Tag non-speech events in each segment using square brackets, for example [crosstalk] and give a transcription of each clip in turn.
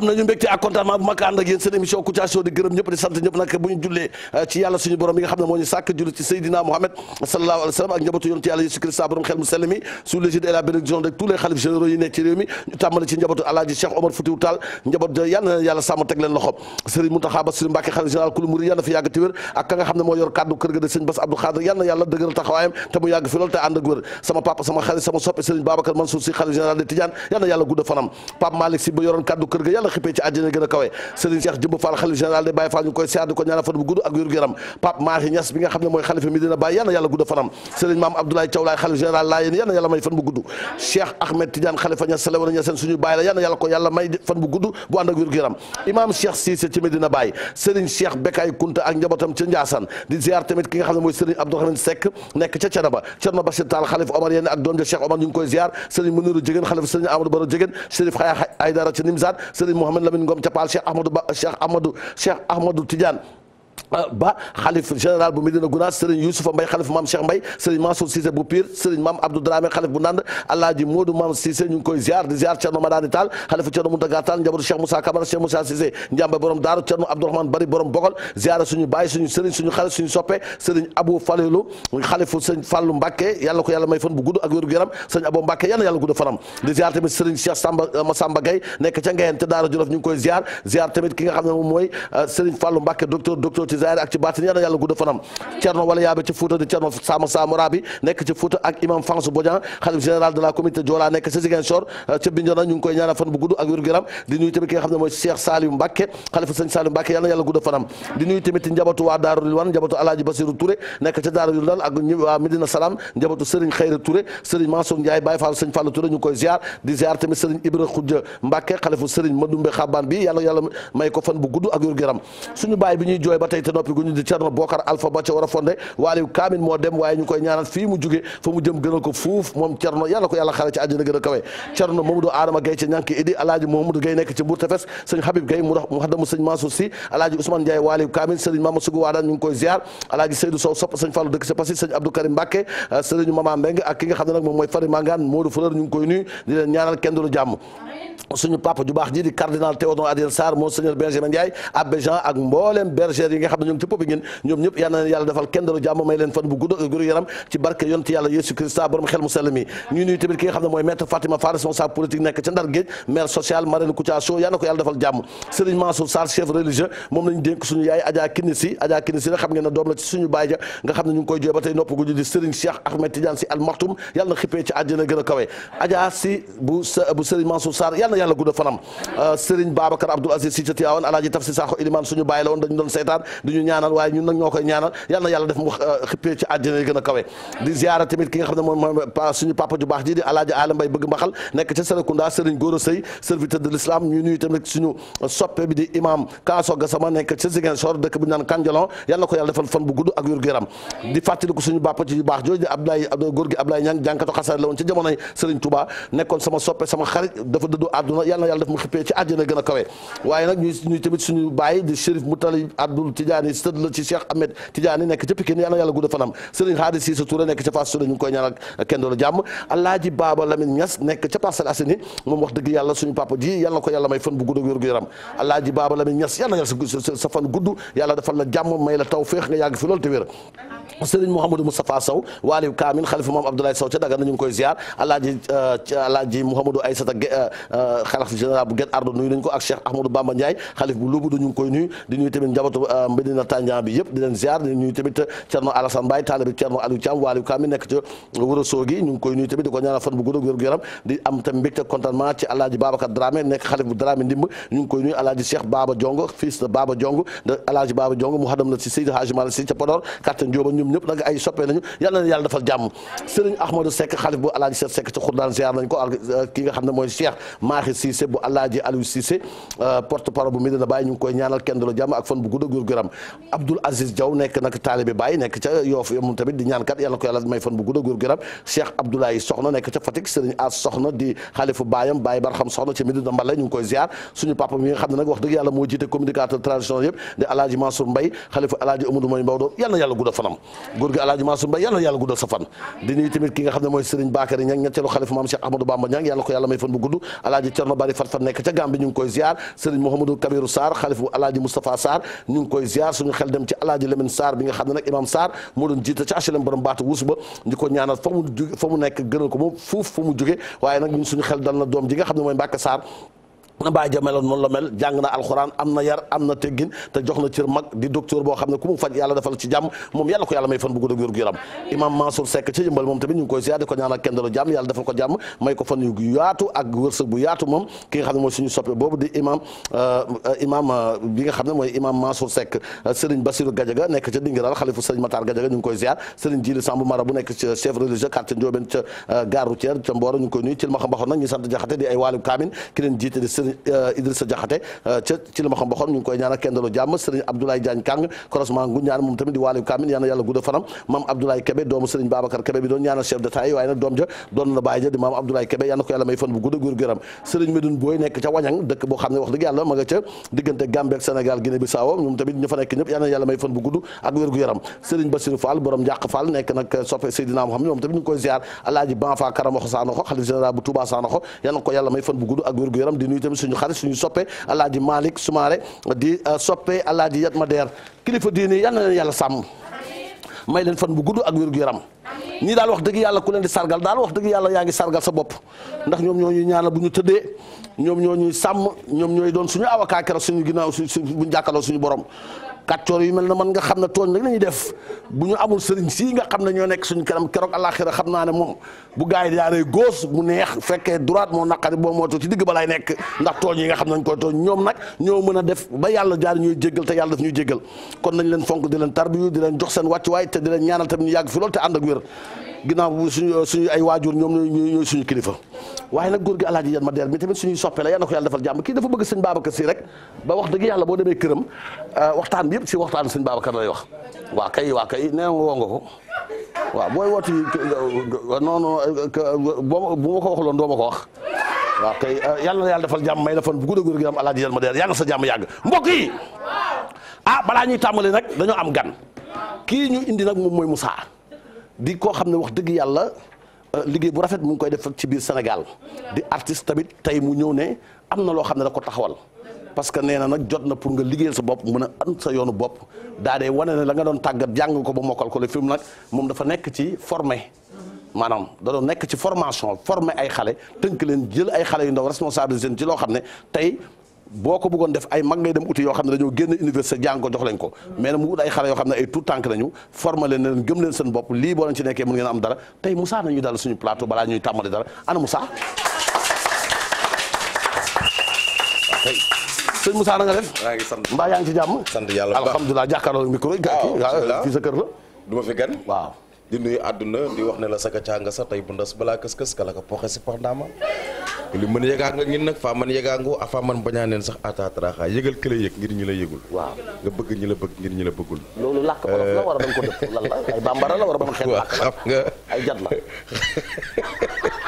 am nañu mbégte eh, Omar Foutiyou Tall yal na yàlla sàmm teg loxo Serigne Mountakha Bassirou Mbacké khalife général kulu murid yal général de Tidiane yal na yàlla gudd fanam Pape Malick Sy ba yoroon kaddu kër ga xippee ci àddina gën xalif général de Baye Fall ñu koy siyaar di ko ñaanal fan bu gudd ak wér yaram Pape Mahi Niass bi nga xam ne mooy xalifa Medina Baye yal na yàlla fanam Serigne Maam Abdoulaye Thiaw Laye xalif général laa yéen yal may fan bu gudd Cheikh Ahmed Tidiane xalifa Niass la woon Niassène may fan bu gudd bu ànd ak wér yaram Imam Cheikh Cissé ci Medina Baye Serigne Cheikh Bekay Kunta ak njabootam ca Ndiassane di ziar tamit ki nga Mouhamed Lamine Ngom ca Paal Cheikh Ahmadou Ba Cheikh Ahmadou Cheikh Ahmadou Tidiane ba xalif général bu Medina Gounass Serigne Youssoufa Mbaye xalif maam Cheikh Mbaye Serigne Mansour Cissé bu xalif bu Ndande Alaaji Modou Mam Cissé ñu koy ziar di ziar Thierno Madani Tall xalifu Thierno Mountaga Tall njabootu Cheikh Moussa Camara Cheikh Moussa Cissé Njàmbe borom Daaru Bari borom Bogol ziar suñu baay suñu Serigne suñu xalif suñu soppe xalifu Serigne Fallou Mbacké yàlla ko yàlla may fan bu gudd ak wér-gu-yaram Serigne Abou Mbacké yàlla yàlla di ziar zahir ak ci baatin yal na yàlla gudd fanam Thierno wala yaabe ci Fouta di Thierno Sama Samora bi nekk ci Fouta ak imam François Bodian xalif général de la communauté Joola nekk ci Ziguinchor euh, ca Bignona ñu koy ñaanal fan bu gudd ak wér suñu baay bi ñuy jooy ba tey ca Bokar Alpha ba ca war a fondé kaamin moo dem waaye ñu koy ñaanal fii mu jóge fa mu jëm gënal fuuf moom Thierno yàlla ko yàlla xare ci àjjana gën a nekk ci Mbour Tefes Habib Gaye mu muxadamu sëñ euh, Mama Mbeng ak ki nga xam ne nag moom mooy Fari Mangane Modou Fleur ñu ngi koy nuyu di leen ñaanal kenn du lu papa ju baax ji di cardinal Théodore Adrien Sarr monseigneur Benjamin Ndiaye abbé Jean ak mbooleem berger yi nga xam ne ñoo ngi ci ñoom ñëpp yal na yàlla defal kenn dalu jàmm may leen fan bu gudd gudd yaram ci barke yonti yàlla Yeesu Christa borom xel mu sell mi ñuy nuyu tamit xam ne mooy maître Fatima Fall responsable politique nekk ca Ndar Géej maire social Marine Kouthia Show yal na ko yàlla defal jàmm Serigne Mansour Sarr chef religieux moom lañ dénk suñu yaay Adja Kinisi Adja Kinisi nag xam ngeen ne doom la ci suñu baay ja nga xam ne ñu koy jooy ba tey du ñu ñaanal waaye ñun nag ñoo koy ñaanal yal na yàlla def mu xippee ci àddina gën a kawe a waaye nag ñuy tamit suñu bàyyi di Chérif Moutali Abdoul Tidiane Tidiane sëd la ci Cheikh Ahmed Tidiane nekk ca Pikine yàlla gudda fanam Serigne Hadi Cissé Touré nekk ca Fass Touré ñu koy ñaanal kenn jàmm Alaaji Baaba Lamine nekk ca Parcelles Assainies moom wax dëgg yàlla suñu papa ji yal yàlla defal la jàmm may la taw nga yàgg fi te wér Serigne Mouhamadou Moustapha Sow waaliw Kaamil xalifa moom Abdoulaye Sow ca Dagana ñu koy ziar Alaaji euh, Alaaji Mouhamadou Aïssata euh, xalif bu Guet Ardo nuyu nañu ko ak Cheikh Ahmadou Bamba Medina Tandian bi yëpp di leen ziar di nuyu tamit Thierno Alassane Mbaye taalibi Thierno Aliou nekk ci Ourossogui ñu koy nuyu tamit di ko ñaanal fan bu gudd ak wér di am tam mbégte contentement ci Alaaji Babacar Dramé nekk Baba Diongo fils de Baba Diongo de ay soppee nañu yàlla na yàlla defal jàmm Serigne Ahmadou Seck xalif bu Alaaji Cheikh Seck ci Xurdaan ziar nañ ko euh, ki nga xam ne mooy Cheikh Maahi Cissé bu Alaaji Aliou Cissé euh, porte parole bu Medina Baye ñu ngi koy ñaanal kenn du la Abdoul Aziz Diaw nekk nag taalibe Baye nekk ca Yoff moom tamit di ñaan kat yàlla may fan bu gudda góor gu yaram Cheikh Soxna nekk ca Fatick Serigne As Soxna di xalifu baayam Baye Barxam Soxna ci Medina Mbale ñu ngi koy ziar suñu papa mi nga xalifu Alaaji Amadou Mbaye ziar suñu xel dem ci alaaji Lamine Sarr bi nga xam ne nag imam Sarr moo doon jiite ci HLM borom baatu wursu ba di ko ñaanal fa mu ju fa mu nekk gënal ko waaye nag ñun suñu xel dal na doom ji nga xam ne mooy Mbacke Sarr na bàyyi jameloon noonu la mel jàng na alxuraan am na yar am na teggin te jox na cër mag di docteur boo xam ne ku mu faj yàlla defal ci jàmm moom yàlla ko yàlla may fan bu gudd ak imam Mansour Seck ci yëmbal moom tamit ñu ngi koy siyaar di ko ñaanal kenn dalu jàmm yàlla defal ko jàmm may ko fan yu yaatu ak wërsëg bu yaatu moom ki nga xam ne mooy suñu soppe boobu di imam euh, imam euh, bi nga xam ne mooy euh, nekk ca Dingiral xalifu Serigne Matar Gadiaga ñu koy siyaar Euh, Idrissa a euh, ca ci li ma xam ba koy ñaanal kendalu jàmm Serigne Abdoulaye Diagne Kang croisement gu ñaan moom tamit di waaliyu kaamil yal gudda fanam maam Abdoulaye Kébé doomu koy ziar may fan bu gudd ak wér yaram di nuyu tamit suñu xarit suñu soppe alaaji Malick Soumaré di euh, soppe alaaji Yatma Der kilifa diine ne na yàlla sàmm may leen fan bu gudd ak wér yaram ñii daal wax dëgg yàlla ku leen di sargal daal wax dëgg yàlla yaa ngi sargal sa bopp ndax ñoom ñoo ñuy ñaanal bu ñu tëddee ñoom ñoo ñuy sàmm ñoom ñooy doon suñu avocat suñu ginnaaw suñu bu ñu suñu borom kàccoor yu mel na man nga xam ne tooñ rek la ñuy def bu ñu amul sëriñ sii nga xam ne ñoo nekk suñ kanam keroog àllaaxira xam naa ne moom bu gars yi daanee góos mu neex fekkee droite moo naqari boo moytu ci digg ba lay nekk ndax tooñ yi nga xam nañ koy tooñ ñoom nag ñoo mën a def ba yàlla jaar ñuy jéggal te yàlla daf ñuy jéggal kon nañ leen fonk di leen tarbiyu di leen jox seen wàccuwaay te di leen ñaanal tamit ñu yàgg fi loolu te ànd ak wér ginnaaw suñu suñu ay waajur ñoom ñooy suñu kilifa waaye nag góor gi alaaji yan ma deer mi tamit suñu soppe la yal na ko yàlla defal jàmm kii dafa bëgg sëñ rek ba wax dëgg yàlla boo demee këram euh, waxtaan bi yëpp si waxtaan sëñ Babacar lay wax waa kay waa kay nee woo ko waaw booy woote noonu boo bu ma ko waxuloon doo ma ko wax waaw kay euh, yàlla na yàlla defal jàmm may la fan bu gudd a góor gi am alaaji yan ma deer yàlla sa jàmm yàgg mbokk yi ah balaa ñuy tàmbali nag dañoo am gan ki ñu indi nag moom mooy Moussa di koo xam ne wax dëgg yàlla euh, liggéey bu rafet mu ngi koy def ci biir Sénégal di artiste tamit tey mu ñëw ne am na loo xam ne da ko taxawal parce que nee na nag jot na pour nga liggéeyal sa bopp mën a am sa yoonu bopp daa wane ne la nga doon tàggat jàng ko ba mokkal ko le film nag moom dafa nekk ci formé maanaam da doon nekk ci formation formé ay xale tënk leen jël ay xale yu ndaw responsabilisé ci loo xam ne tey boo ko bëggoon def ay mag ngay dem uti yoo xam ne dañoo génn université jàng ko jox leen ko mais nag mu wut ay xale yoo xam ne ay tout tànk nañu former leen leen gëm leen seen bopp lii boo leen ci nekkee mën ngeen am dara tey Moussa nañu dal suñu plateau balaa ñuy tàmbali dara ana Moussa sëñ Moussa na nga def. maa ngi mbaa yaa ngi ci jàmm. sant yàlla bu baax alhamdulilah jàkkaarloo micro yi. waaw fii sa kër la. du ma fi gan waaw. di nuyu àdduna di wax ne la saka canga sa tay bu ndas balaa kës-kës kala ka poxe si pox ndaama li mën yegaa nga ñun nag faa man yegaa ngoo a faa man bañaa neen sax atatraxa yëgal këla yëg ngir ñu la yëgul waaw nga bëgg ñi la bëgg ngir ñu la bëggul loolu làkk olof la war a danga ko def lan la ay bambara la war a ba ma xeet làkk xam nga ay jat la [laughs]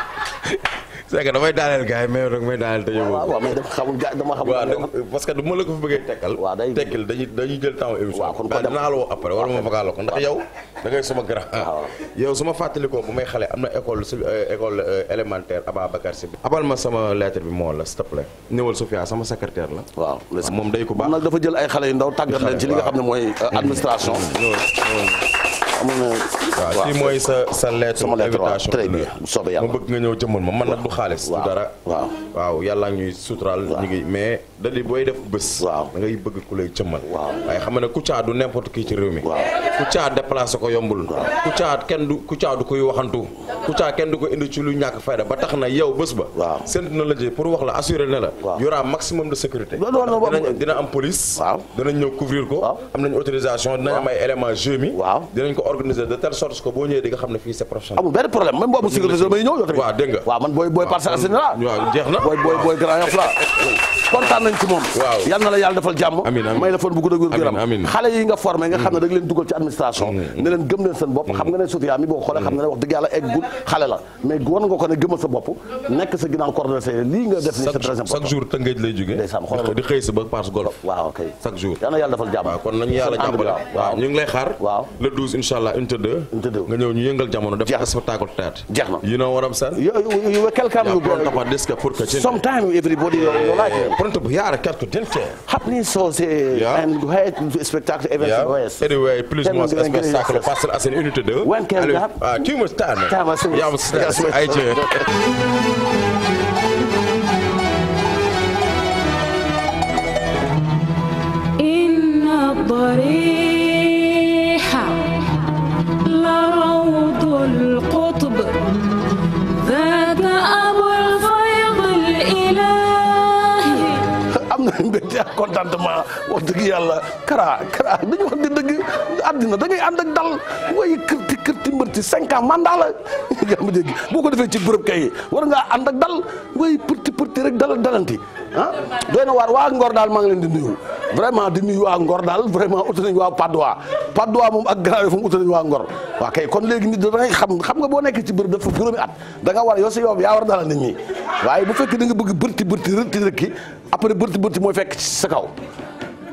c'est que damay daaneel gars yi mais yow may daaneel te yóbbu. waaw mais dafa xamul gars dama xamul. waaw parce que du ma la ko fa bëggee tekkal. waaw day tekkil dañuy dañuy jël temps émission. waaw kon ko dinaa la woo après wala ma vagal la ko ndax yow da ngay sama grand. Ah, yow su ma fàttalikoo bu may xale am na école su euh, école euh, élémentaire Ababacar Sy. abal ma sama lettre bi moo la s'il te plaît. néewal Sofia sama secrétaire la. waaw moom day ko baax. moom nag dafa jël ay xale yu ndaw tàggat leen ci li nga xam ne mooy euh, administration. amul na. waaw mooy sa sa lettre invitation très bien soobee yàlla ma bëgg nga ñëw jëmmal ma man nag du xaalis. du dara waaw yàlla ñuy suturaal. ñu ngi mais da booy def bés. waaw da ngay bëgg ku lay jëmmal. waaw waaye xam nga ne Kouthia du n'importe kii ci réew mi. waaw Kouthia déplacé ko yombul. waaw Kouthia kenn du Kouthia du koy waxantu. Kouthia kenn du ko indi ci lu ñàkk fayda ba tax na yow bés ba. waaw séntu na la jël pour wax la assuré ne la. waaw y aura maximum de sécurité. dina am police. waaw dinañ ñëw couvrir ko. am nañ autorisation dinañ am ay éléments jeu mi. waaw dinañ organisé de telle sorte que boo ñëwee di nga xam ne fii c'est professionnel. amul benn problème même boo amul sécurité may ñëw yow tamit. waaw dégg nga waaw man booy booy Parcelles Assainies la. waaw jeex na booy booy booy Grand Yoff la. kontaan nañ ci moom. waaw yal na la yàlla defal jàmm. amiin amiin may la fan bu gudd a gudd gëram. amiin xale yi nga formé nga xam ne mm. da nga leen dugal ci administration. Mm. ne leen gëm leen seen bopp. Mm. xam nga ne Sofia mi boo xoolee xam nga ne wax dëgg yàlla eggul xale la mais war nga ko ne gëmal sa bopp nekk sa ginnaaw coordonnateur lii nga def ni c'est très important chaque jour tëngeej lay jógee. ndeysaan xoolal di xëy si ba passe golf. waaw kay chaque jour yal na yàlla defal jàmm. waaw kon nañu yàlla jàmbale waaw ñu ngi lay xaar. waaw le 12 incha allah unité 2. unité 2 nga ñëw ñu yëngal jamono. def ko spectacle théâtre. jeex na you know what I'm saying. you you were quelqu'un who brought up this for Kachin. Sometimes everybody you like it. Pronto yaara quelque del ke. Happening so say yeah. and great spectacle event yeah. OS. Anyway, plus more spectacle pass as an unité 2. When can you have? Ah, too much time. Yeah, I'm stressed. إن الضريح mbégte [laughs] ak contentement wax dëgg yàlla Kara Kara dañu wax di dëgg àddina da ngay ànd ak dal way Guy Marius cinq ans mandat la nga [laughs] ma dégg boo ko defee ci groupe kay war ngaa ànd ak dal way përti përti rek dala dalanti ah doy na waar waa Ngor daal maa ngi leen di nuyu vraiment di nuyu waa Ngor daal vraiment uti nañu waa Padois Padois moom ak Grand Yoff moom uti waa Ngor waa kay kon léegi nit da xam xam nga boo nekk ci bërëb dafa juróomi at da nga war yow si yow yaa war dalal nit ñi waaye bu fekkee da nga bërti bërti rëtti rëkki bërti bërti mooy fekk ci kaw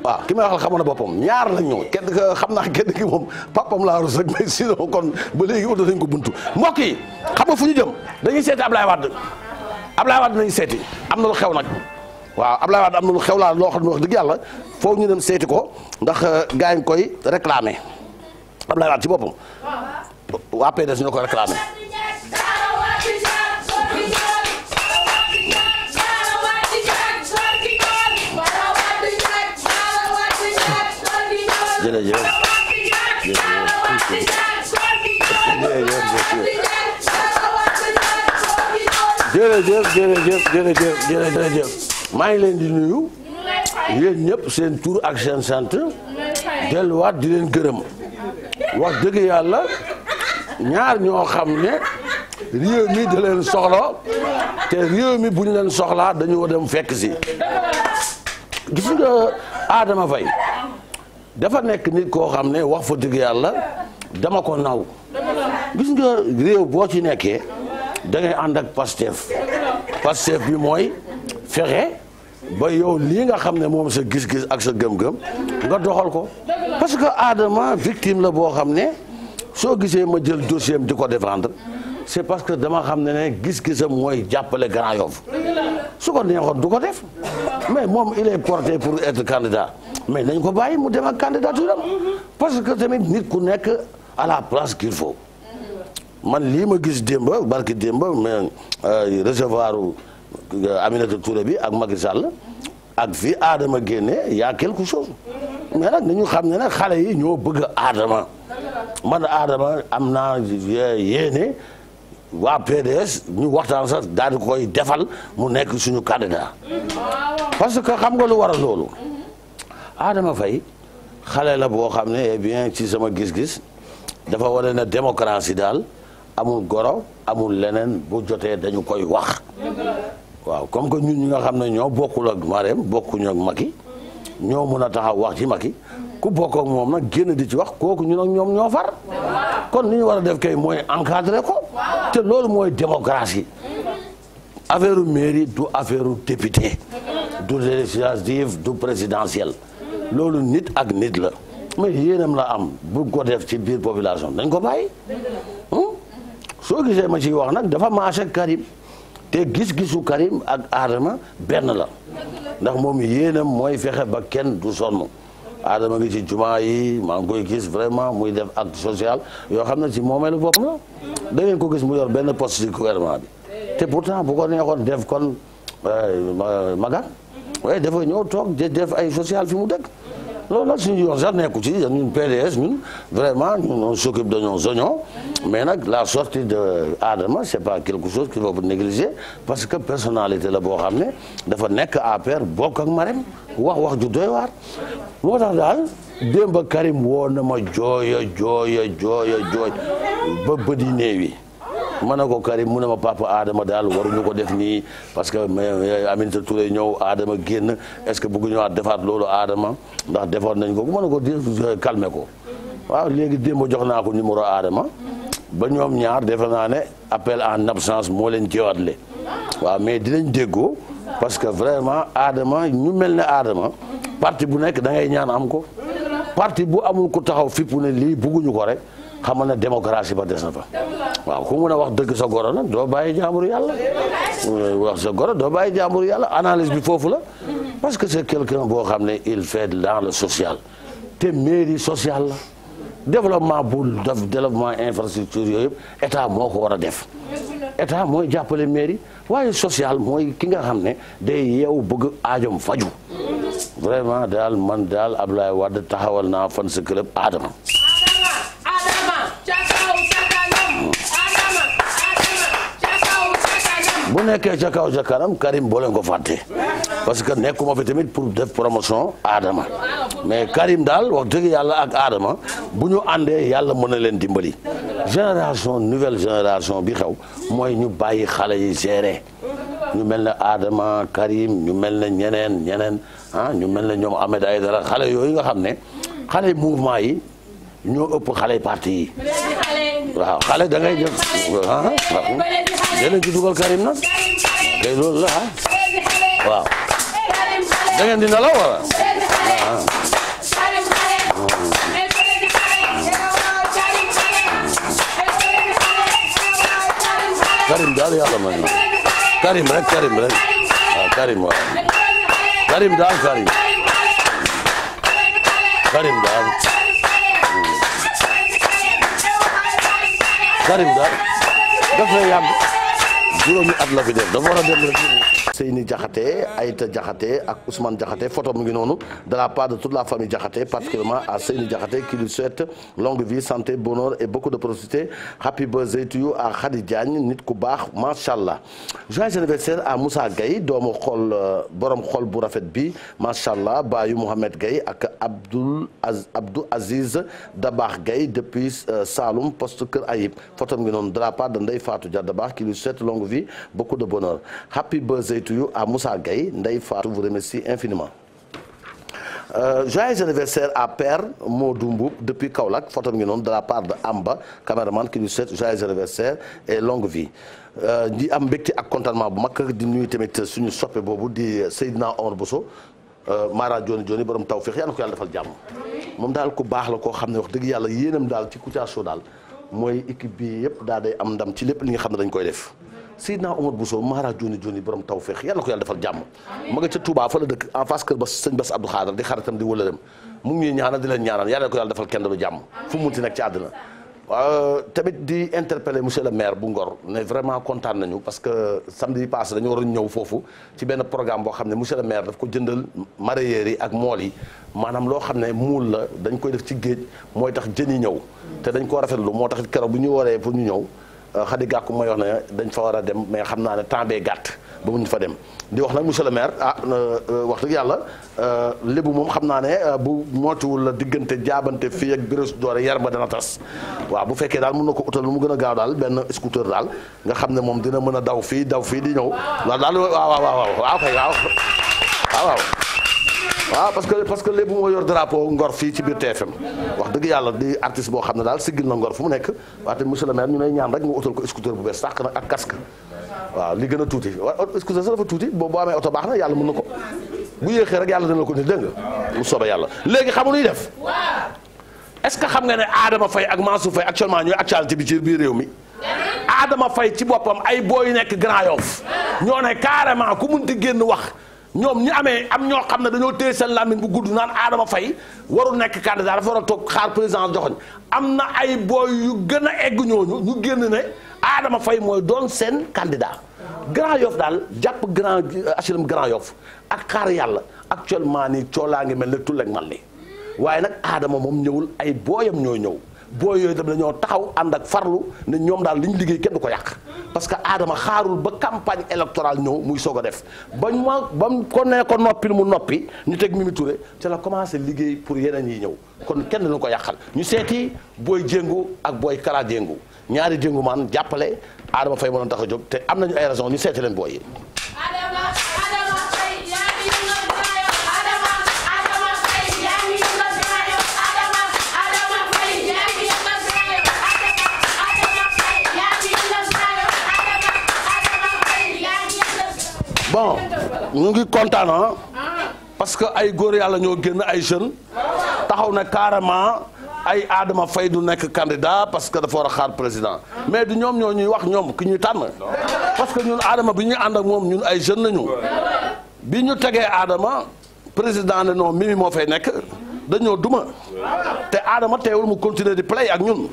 waaw ki may waxal xamoon na boppam ñaar lañ ñëw kenn xam naa kenn ki moom papam laa rus rek mais sinon kon ba léegi utal nañ ko buntu mbokk yi xam nga fu ñu jëm dañuy seeti Ablaye Wade Ablaye Wade nañu seeti am na lu xew nag waaw Ablaye Wade am na lu xew laa loo xam ne wax dëgg yàlla foofu ñu dem seeti ko ndax euh, gars yi koy réclamé Ablaye Wade ci boppam waa PDS ñu ko réclamé. jërëjëf jërëjëf jërëjëf maa ngi leen di nuyu yéen ñëpp seen tur ak seen sant delluwaat di leen gërëm wax dëgg yàlla ñaar ñoo xam ne réew mi da leen soxla te réew mi bu ñu leen soxlaa dañoo dem fekk si gis nga dafa nekk nit koo xam ne wax fa dëgg yàlla dama ko naw gis nga réew boo ci nekkee da ngay ànd ak Pastef Pastef bi mooy fexe ba yow li nga xam ne moom sa gis-gis ak sa gëm-gëm nga doxal ko parce que aadama victime la boo xam ne soo gisee ma jël dossier di ko défendre c'est parce que dama xam ne ne gis-gisam mooy jàppale Grand Yoff su ko neexoon du ko def mais moom il est porté pour être candidat mais nañ ko bàyyi mu dem ak candidature am parce que tamit nit ku nekk à la place qu'il faut man lii ma gis démba barki démba mais euh, recevoir euh, Aminata Touré bi ak Macky Sall ak fi aadama génne y'a quelque chose mais nag nañu xam ne nag xale yi ñoo bëgg aadama man aadama am naa waa PDS ñu waxtaan sax daal koy defal mu nekk suñu candidat parce que xam nga lu war a loolu aadama Faye xale la boo xam ne eh bien ci sama gis-gis dafa wane na démocratie daal amul goro amul leneen bu jotee dañu koy wax waaw comme que ñun ñi nga xam ne ñoo bokkul ak Marème bokkuñu ak Macky ñoo mën a taxaw wax ci Macky ku bokk moom nag génn di ci wax kooku ñu ak ñoom ñoo far kon li ñu war a def kay mooy encadré ko te loolu mooy démocratie affaire mairie du affaire député du législative du présidentiel loolu nit ak nit la mais yéenam la am bu ko def ci biir population dañ ko bàyyi hmm? soo gisee ma ciy wax nag dafa maase Karim te gis-gisu Karim ak Adama benn la ndax moom yéenam mooy fexe ba kenn du sonn Adama ngi ci jumaa yi maa ngi koy gis vraiment muy def acte social yoo xam ne ci moomeelu bopp la da ngeen ko gis mu yor benn poste ci gouvernement bi te pourtant bu ko neexoon def kon euh, magan waaye mhm. dafa ñëw toog def ay social fi mu dëkk loolu nag suñu yoon sax nekku ci ñun PDS vraiment ñun on s'occupe de nos oignons mais nag la sortie de Adama c'est pas quelque chose qu'il faut négliger parce que personnalité la boo xam ne dafa nekk à APR bokk ak Marème wax wax ju doy waar moo tax daal démb Karim woo na ma jooy a jooy a jooy ba bëdi néew ma ne ko Karim mu ne ma papa Adama daal waruñu ko def nii parce que Aminata Touré ñëw Adama génn est-ce que bëgg ñëwaat defaat loolu Adama ndax defoon nañ ko ma ne ko di euh, calmer ko waaw léegi démb jox naa ko numéro Adama ba ñoom ñaar defe ne appel en absence moo leen le waaw mais dinañ déggoo parce que vraiment Adama ñu mel ne Adama parti bu nekk da ngay ñaan am ko parti bu amul ko taxaw fipp ne lii bëgguñu ko rek. xam na démocratie ba des na fa waaw ku mun a wax dëgg sa goro nag doo bàyyi jaambur yàlla wax sa goro doo bàyyi jaambur yàlla analyse bi foofu la parce que c'est quelqu'un boo xam ne il fait dans le social te mairie social la développement bu def développement infrastructure yooyu yëpp état moo ko war a def état mooy jàppale mairie waaye social mooy ki nga xam ne day yeew bëgg aajom faju vraiment daal man daal Abdoulaye Wade taxawal naa fan sa club aadama bu nekkee ca kaw ca kanam Karim boo ko fàtte parce que nekkuma fi tamit pour def promotion aadama mais Karim daal wax dëgg yàlla ak aadama bu ñu àndee yàlla mën na leen dimbali génération nouvelle génération bi xew mooy ñu bàyyi xale yi gérer ñu mel ne aadama Karim ñu mel na ñeneen ñeneen ah ñu mel ne ñoom ay Aïdara xale yooyu nga xam ne xale yi mouvement yi ñoo ëpp xale yi parti yi waaw xale da ngay jëf da leen ci dugal Karim nag kay loolu la ah Karim daal Karim daal Karim daal Karim daal juróomi at la fi def dafa war a dem Seyni Diakhaté Aïta Diakhaté ak Ousmane Diakhaté foto mu ngi noonu de la part de toute la famille Diakhaté particulièrement à Seyni Diakhaté qui lui souhaite longue vie santé bonheur et beaucoup de prospérité happy birthday to you à Khady Diagne nit ku baax macha allah joyeux anniversaire à Moussa gay doomu xol euh, borom xol bu rafet bi macha allah baayu Mouhamed Gaye ak Abdoul Abdou Aziz Dabakh Gaye depuis euh, Saloum poste Kër Ayib photo mu ngi noonu de la part de Ndeye Fatou Dia Dabakh qui lui souhaite longue vie beaucoup de bonheur happy to you à Moussa Gaye Ndeye Fatou vous remercie infiniment Euh, joyeux anniversaire à Père Modou Mboup depuis Kaolack photo ngi noonu de la part de Amba caméraman qui lui souhaite joyeux anniversaire et longue vie euh, di am mbégte ak contentement bu mag di nuy tamit suñu soppe boobu di Seydina Omar Bousso euh, Mara Joni Joni borom taw feex yàlla na ko yàlla defal jàmm moom daal ko baax la koo xam ne wax dëgg yàlla yéenam daal ci Kouthia Show daal mooy équipe bi yëpp daal am ndam ci lépp li nga xam ne dañ koy def Seydina Omar Bousso Mara Joni Joni borom tawféex yàlla ko yàlla defal jàmm mu ngi ñuy di leen ñaanal yàlla ko yàlla defal kenn jàmm fu mu munti nekk ci àddina euh, tamit di interpeller monsieur le maire bu Ngor ne vraiment kontaan nañu parce que samedi passé dañu waroon ñëw foofu ci benn programme boo xam ne monsieur le maire daf ko jëndal mareyeurs yi ak mool yi maanaam loo xam ne muul la dañ koy def ci géej mooy tax jën yi ñëw te dañ koo rafetlu moo tax keroog bu ñu waree pour ñu ñëw Euh, Khady Gakou mooy wax ne dañ fa war a dem mais xam naa ne temps bee gàtt ba mu ñu fa dem di wax nag monsieur le maire ah euh, euh, wax dëgg yàlla lébu moom xam naa ne bu mootuwul la diggante jaabante fii ak Brioche Dorée yar a dana tas waaw bu fekkee daal mën na ko utal lu mu gën a gaaw daal benn scooter daal nga xam ne moom dina mën a daw fii daw fii di ñëw loolu daal waaw waaw waaw waaw waaw. waaw ah, parce que parce que léegi bu ma yor drapeau ngor fii ci biir TFM wax dëgg yàlla di artiste boo xam ne daal siggil na ngor fu mu nekk waaye monsieur le maire ñu may ñaan rek nga utal ko scooter bu bees sàq nag ak casque waaw li gën a tuuti waaw scooter tuuti boo boo amee oto baax na yàlla mën na ko bu yéexee rek yàlla dana ko ni dégg nga mu soobee yàlla léegi xamu nuy def est-ce que xam nga ne Adama fay ak Mansour Faye actuellement ñooy actualité bi ci biir réew mi Adama fay ci boppam ay booy nekk Grand Yoff ñoo ne carrément ku munti génn wax ñoom ñu amee am ñoo xam ne dañoo téye seen làmmiñ bu gudd naan Adama Faye warul nekk candidat dafa war a toog xaar président joxoñ am na ay booy yu gën a egg ñooñu ñu génn ne aadama fay mooy doon seen candidat Grand Yoff daal jàpp Grand HLM Grand Yoff ak xaar yàlla actuellement nii coolaa ngi mel ne tulle ak man li waaye nag Adama moom ñëwul ay booyam ñoo ñëw boo yooyu dem dañoo taxaw ànd ak farlu ne ñoom daal li ñu liggéey kenn du ko yàq parce que Adama xaarul ba campagne électorale ñëw muy soog a def ba ñu ma ba mu ko nee ko noppil mu noppi ñu teg Mimi Touré ci la commencé liggéey pour yeneen yi ñëw kon kenn duñu ko yàqal ñu seeti booy jéngu ak booy kara jéngu ñaari jéngu maan jàppale Adama fay Faye mënoon tax a jóg te am nañu ay raison ñu seeti leen booy yi. bon ñu ngi kontaan ah. parce que ay góor yàlla ñoo génn ay jeunes taxaw na carrément ay Adama fay du nekk candidat parce que dafa war a xaar président mais du ñoom ñoo ñuy wax ñoom ki ñuy tànn parce que ñun Adama bi ñuy ànd ak moom ñun ay jeunes lañu bi ñu tegee Adama président ne non Mimi moo fay nekk. dañoo duma te aadama teewul mu continuer di play ak ñun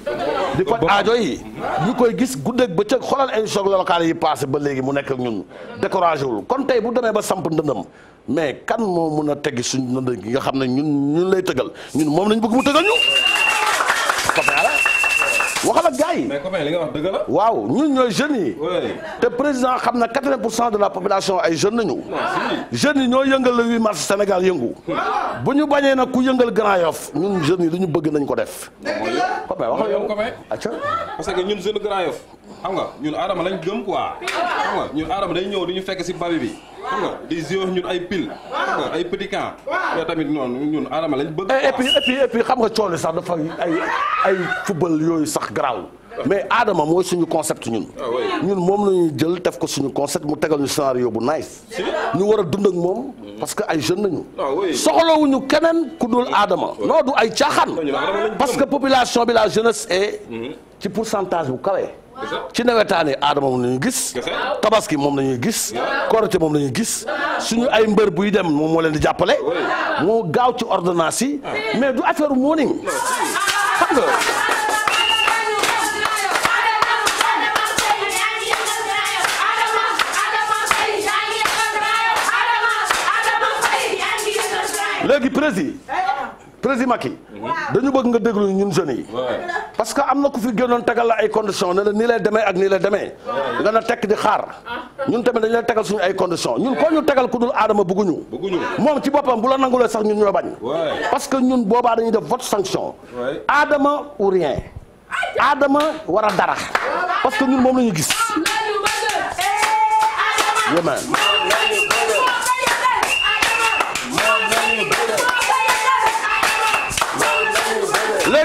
di faj aajo yi ñu koy gis guddeeg bëccëg xoolal émission locale yi passé ba léegi mu nekk ñun découragé wul kon tey bu demee ba samp ndëndam mais kan moo mun a teggi suñu ndënd gi nga xam ne ñun lay tëgal ñun moom lañ bëgg mu tëgal ñu waxal ak gars yi. wax la. waaw ñun ñooy jeunes yi. te président xam na cent de la population ay jeunes nañu. jeunes yi ñoo yëngal le 8 mars Sénégal yëngu. bu ñu bañee nag ku yëngal Grand Yoff ñun jeunes yi lu ñu bëgg nañ ko def. copain waxal yow copain. parce que ñun jeunes Grand Yoff xam nga ñun aadama lañ gëm quoi xam nga ñun ñëw di ñu fekk si babi bi xam nga di ay pile ay petit tamit noonu ñun aadama lañ bëgg et puis xam nga coono sax dafa ay ay football yooyu sax garaaw mais aadama mooy suñu concept ñun ah ñun moom lañuy jël def ko suñu concept mu tegal ñu scénario bu nice ñu war a dund ak moom parce que ay jeunes nañu ah soxlawuñu keneen ku dul aadama non du ay caaxaan parce que population bi la jeunesse est mm-hmm. ci pourcentage bu kawee ci nawetaane aadama moom la gis tabaski moom la gis korité moom la ñuy gis suñu ay mbër buy dem moom moo leen di jàppale moo gaaw ci ordonnance yi ah. mais du affaire morning xam nga léegi prési prési Macky mm-hmm. dañu bëgg nga déglu ñun jeunes parce que am na ku fi gënoon tegal la ay conditions ne la nii demee ak nii lay demee nga na tekk di xaar ah. ñun tamit dañu lay tegal suñu ay conditions ñun koo ñu tegal ku dul aadama bëgguñu moom ci boppam bu la nangulee sax ñun ñoo bañ parce que ñun boobaa dañuy def vote sanction aadama ou rien aadama war a dara parce que ñun moom la ñu gis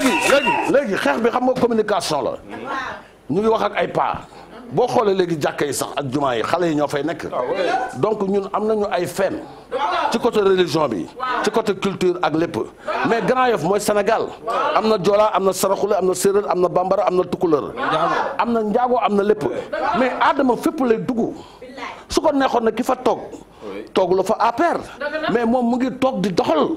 léegi léegi xeex bi xam nga communication la ñu ngi wax ak ay paa boo xoolee léegi jàkka yi sax ak jumaa yi xale yi ñoo fay nekk ah donc ñun am nañu ay fenn ci côté religion bi ci côté culture ak lépp mais Grand Yoff mooy Sénégal am na Joola am na Saraxule am na Séeréer am na Bambara am na Tukulër am na Njaago am na lépp mais Adama fépp lay dugg su ko neexoon na ki fa toog toog la fa APR mais moom mu ngi toog di doxal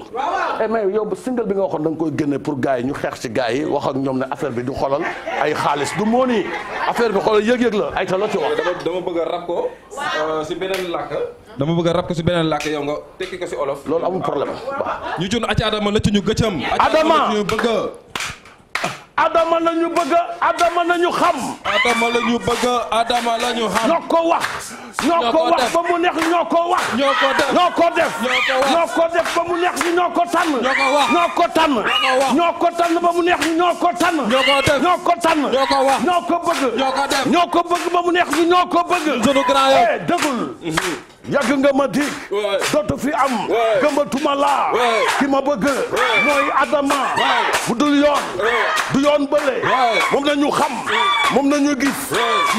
et eh, mais yow single bi nga wax da nga koy génne pour gars yi ñu xeex ci gaa yi wax ñoom ne affaire bi du xolal ay xaalis du moo nii affaire bi xolal yëg-yëg la ay ta loo ci wax dama bëgg a rab ko euh, si beneen làkk dama bëgg a rab ko si beneen làkk yow nga tekki ko si olof loolu amul problème ñu jun aci adama la ñu gëcam adama adama la ñu bëgg adama la ñu xam. adama ñu bëgg adama la ñu xam. ñoo ko wax. ñoo wax ba mu neex ñoo ko wax. ñoo ko def ñoo ko def. ko def ba mu neex ñu ñoo ko tànn. ñoo ko wax ñoo ko tànn. ñoo ba mu neex ñu ñoo ko tànn. bëgg. ñoo bëgg ba mu neex ñu ñoo ko bëgg. sunu yàgg nga ma dig dootu fi am gëmbatuma laa ki ma bëgg mooy adama bu dul yoon du yoon bële moom na ñu xam moom na ñu gis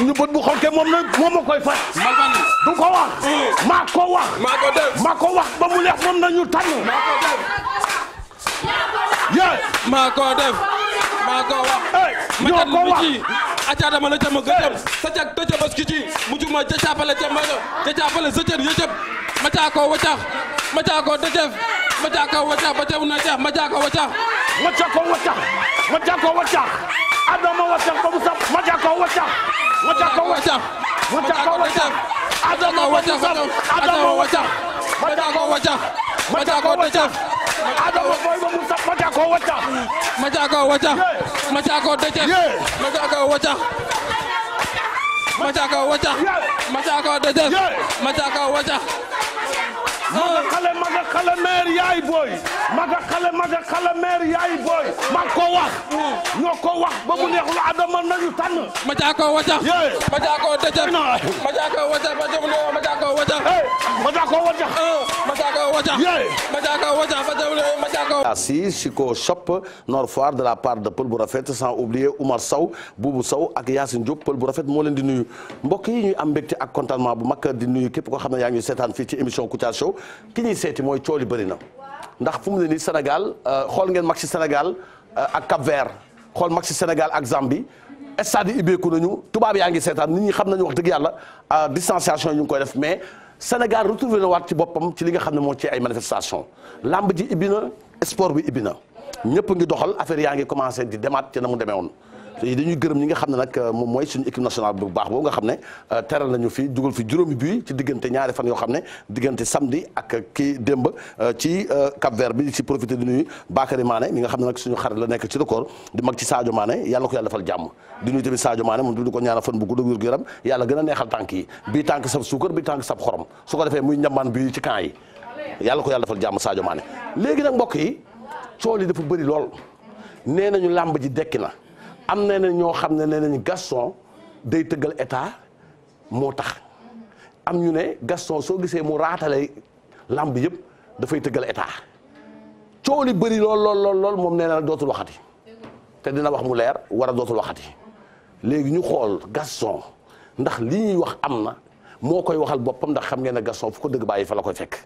ñu bët bu xonke moom na moom ma koy faj du eh. ko wax maa ko wax maa ko wax ba mu leex moom na ñu tànn maa ko def maa ko wax ma cat mu ci acaata ma na jama gëjëm sa cag dëjë bas ki ci muju ma jacaapale jamano jacaapale sëcër yëjëb ma caa ko wacax ma caa ko dëjëf ma caa ko wacax ba tew na jeex ma caa ko wacax ma caa ko wacax ma caa ko wacax adama wacax ba mu sab ma caa ko wacax ma caa ko wacax ma caa ko wacax adama wacax adama wacax ma caa ko wacax Machako wacca Adama boy ba mu sax Machako wacca Machako wacca Machako wacca Machako wacca Machako wacca Machako wacca Machako wacca Machako wacca Machako wacca maga xale maga xale maire yaay booy mag ko wax ñoo neexul adama nañu tànn ma wajax ma wajax ma wajax ma jaako wajax oh, Shop Nord Foire de la part de Pël bu rafet sans oublier Oumar saw Boubou Sow ak Yacine Diop Pël bu rafet moo leen di nuyu mbokk yi ñuy am mbégte ak contentement bu mag di nuyu képp ko xam ne yaa ngi seetaan fii ci émission Kouthia Show ki ñuy seeti mooy cooli bëri na ndax fu mu ne nii Sénégal euh, xool ngeen match Sénégal euh, ak Cap Vert xool match Sénégal ak Zambie stade yi ubbeeku nañu tubaab yaa ngi seetaan nit ñi xam nañu wax dëgg yàlla euh, distanciation yi ñu ngi koy def mais Sénégal retrouvé na waat ci boppam ci li nga xam ne moo ci ay manifestation làmb ji ibbi na sport bi ibbi na ñëpp ngi doxal affaire yaa ngi commencé di demaat ci na mu demee dañuy gërëm ñi nga xam ne nag euh, moom mooy suñu équipe nationale bu baax boobu nga xam ne euh, teral nañu fi dugal fi juróomi bi ci diggante ñaari fan yoo xam ne diggante samedi ak kii démb euh, ci Cap Vert bi ci profité di nuyu Bakary Mané mi nga xam ne nag suñu xarit la nekk ci record di mag ci Sadio Mané yàlla ko yàlla defal jàmm di nuyu tamit Sadio Mané moom du ko ñaanal fan bu gudd wér gu yaram yàlla gën a neexal tànk yi bi tànk sab suukar bii tànk sa xorom su ko defee muy ñambaan bi ci camp yi yàlla ko yàlla defal jàmm Sadio Mané léegi nag mbokk yi coow li dafa bëri lool nee nañu làmb ji dekki na am na ñoo xam ne nee nañ gason day tëggal état moo tax am ñu ne Gaston soo gisee mu raatale làmb yëpp dafay tëggal état coow li bëri lool lool lool moom nee na dootul waxati te dina wax mu leer war a dootul waxati léegi ñu xool Gaston ndax li ñuy wax am na moo koy waxal boppam ndax xam ngeen ne Gaston fu ko dëgg bàyyi fa la koy fekk.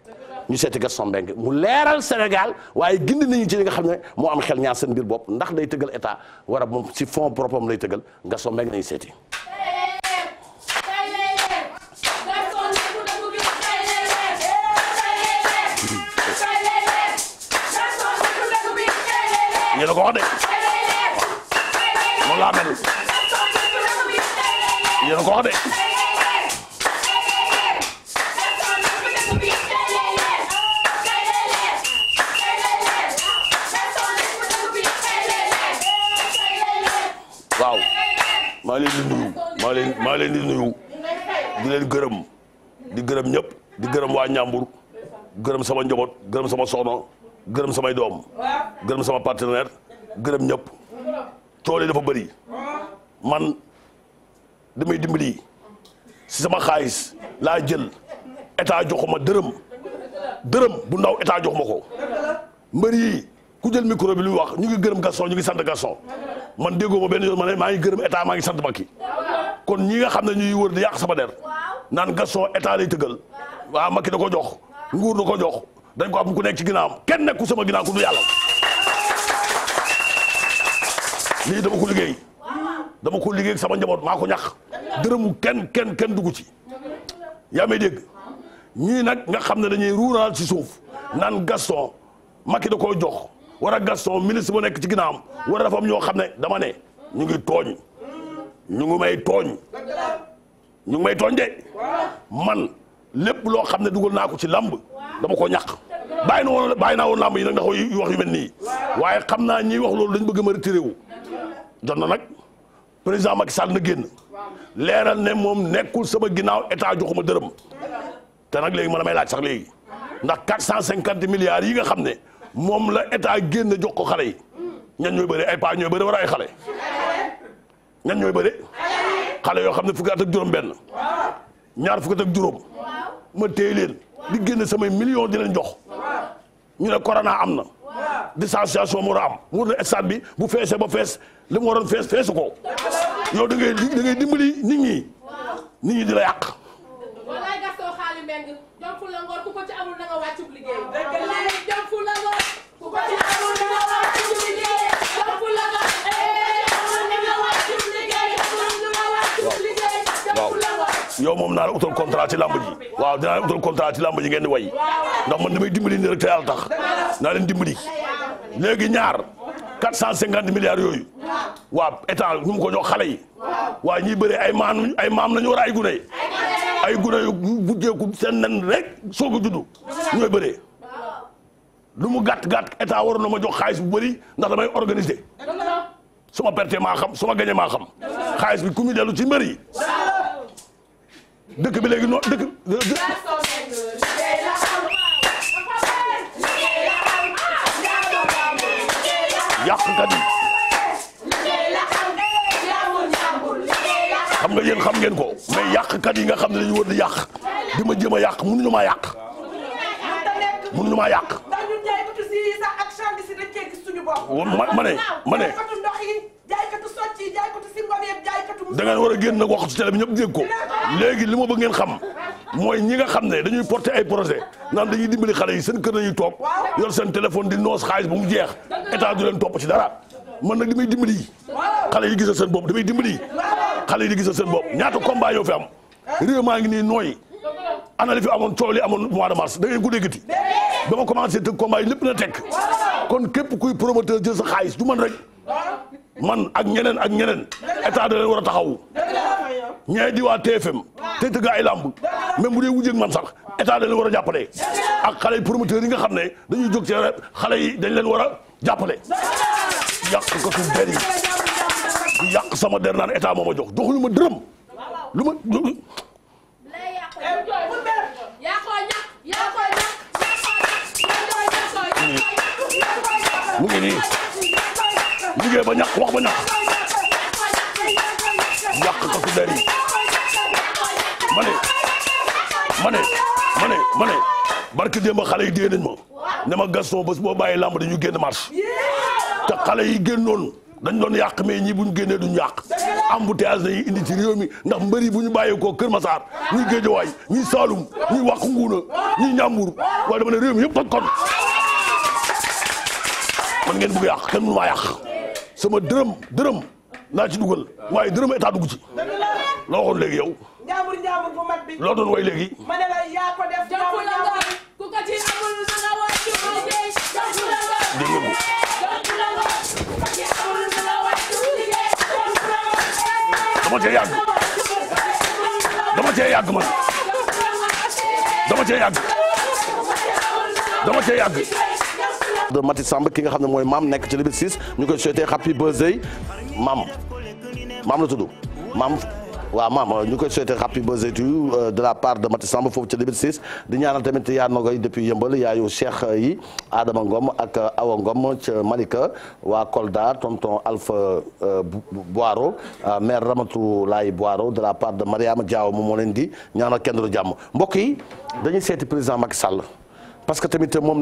ñu seeti Gaston Mbengue mu leeral Sénégal waaye gindi nañu ci li nga xam ne moo am xel ñaar seen biir bopp ndax day tëggal état war a moom si fond propre am lay tëggal Gaston Mbengue nañu seeti. ñu la ko wax de moom laa mel ñu la ko wax de. leen maa leen di nuyu di leen gërëm di gërëm ñëpp di gërëm waa Ñambur gërëm sama njaboot gërëm sama soxna gërëm samay doom gërëm sama partenaire gërëm ñëpp tool dafa bëri man damay dimbali si sama xaalis laa jël état joxuma dërëm dërëm bu ndaw état joxuma ko mbër yi ku jël micro bi wax ñu ngi gërëm Gaston ñu ngi sant Gaston man déggoo ma benn yoon ma ne maa ngi gërëm état maa ngi sant ki kon ñi nga xam ne ñuy wër di yàq sama der naan Gaston état lay tëggal waaw Macky da ko jox nguur da ko jox dañ ko am ku nekk ci ginnaawam kenn nekku sama ginnaaw ku du yàlla ko liggéey dama ko liggéey sama njaboot maa ko ñax dërëmu kenn kenn kenn dugg ci yaa may dégg ñii nag nga xam ne dañuy ruural ci suuf naan Gaston Macky da koo jox war a Gaston ministre bu nekk ci ginnaawam war a dafa ñoo xam ne dama ne ñu ngi tooñ ñu ngi may tooñ ñu may tooñ de man lépp loo xam ne dugal naa ko ci lamb dama ko ñàq bàyyi na woon bàyyi naa woon lamb yi nag ndax yu wax yu mel nii waaye xam naa ñiy wax loolu dañ bëgg ma retiré wu jot na nag président Macky Sall na génn leeral ne moom nekkul sama ginnaaw état joxuma dërëm te nag léegi man a may laaj sax léegi ndax quatre cent cinquante milliards yi nga xam ne moom la état génn jox ko xale yi ñan ñooy bëri ay paa ñooy bëri war ay xale ñan ñooy bëre xale yoo xam ne fukki at juróom benn ñaar fukki at juróom ma téye leen di génne samay million di leen jox ñu ne corona am na distanciation moo war a am mu ne stade bi bu feesee ba fees li mu waroon fees feesu ko yow dangay dimbali nit ñi nit ñi di yàq. yow moom naa la utal contrat ci lamb ji waaw dinaa la utal contrat ci lamb ji ngeen di way ndax man damay dimbali ni rek te yàlla tax naa leen dimbali léegi ñaar quatre cent cinquante milliards yooyu waa état ñu mu ko jox xale yi waa ñii bëre ay maam ay maam la ñu war ay gune ay gune yu buddeeku seen nen rek soog a juddu ñooy bëree lu mu gàtt gàtt état waroon na ma jox xaalis bu bëri ndax damay organiser su ma perte maa xam su ma gañe maa xam xaalis bi ku mu dellu yi dëkk bi léegi noonu dëkk. yàqkat yi. xam nga yéen xam ngeen ko mais yàqkat yi nga xam ne dañu war di yàq di ma jéem a yàq mënuñu maa yàq mënuñu maa yàq. yi sax ak ma ne ma ne jaaykatu ndox yi jaaykatu socc yi war a génn nag wax ci télé bi ñëpp dégg ko léegi li ma bëgg ngeen xam mooy ñi nga xam ne dañuy porter ay projet naan dañuy dimbali xale yi seen kër nañuy toog yor seen téléphone di noos xaalis bu mu jeex état u leen topp ci dara man nag damay dimbali xale yi gisal seen bopp damay dimbali xale yi di gisal seen bopp ñaata combat yoo am réew maa ngi nii nooy ana li fi amoon coow li amoon mois de mars da ngay ko déggati dama commencé tëgg combat yi lépp na teg kon képp kuy promoteur jël sa xaalis du man rek man ak ñeneen ak ñeneen état da war a taxaw ñee di waa TFM te tëgg ay làmb même bu dee wujjeeg man sax état da war a jàppale ak xale yi promoteurs yi nga xam ne dañuy jog ci xale yi dañ leen war a jàppale yàq ko suñ der yàq sama der naan état moom ma jox joxuñu ma dërëm lu ma mu ngi nii liggéey ba ñàkk wax ba ñàkk ñàkk takku der yi ma ne ma ne ma ne ma ne xale yi dee nañ ma ne ma Gaston bés boo bàyyi làmb dañu génn marche te xale yi génnoon dañ doon yàq mais ñi bu ñu génnee duñu yàq embouteillage la yi indi ci réew mi ndax mbëri bu ñu bàyyeekoo Kër Masaar ñuy Géejawaay ñuy Saalum ñuy Wàq Nguuna ñuy Ñàmbur waaye dama ne réew mi yëpp toj man ngeen bëgg yàq kenn mënu maa yàq sama dërëm dërëm naa ci dugal waaye dërëm état dugg ci loo waxoon léegi yow. njaabur njaabur bu mag bi. loo doon way léegi. ma ne la yaa ko def. njaabur njaabur ku ko ci amul na nga war ci liggéey. njaabur njaabur njaabur njaabur ku ko ci amul na nga war ci liggéey. dama cee yàgg dama cee yàgg man dama cee yàgg dama cee yàgg. de Mati Samb ki nga xam ne mooy maam nekk ci Liberté 6 ñu koy souhaité happy birthday maam maam la tudd maam waaw maam euh, ñu koy souhaité happy birthday to euh, de la part de Mati Samb foofu ci Liberté 6 di ñaanal tamit yaa nogoy depuis yëmbal yaayu Cheikh yi Adama Ngom ak euh, Awa Ngom ca Malika waa Kolda tonton Alpha Boiro maire ramatu Laye Boiro de la part de Mariama Diaw moom moo leen di ñaana kenn du jàmm mbokk yi dañuy seeti président Macky Sall parce que tamit moom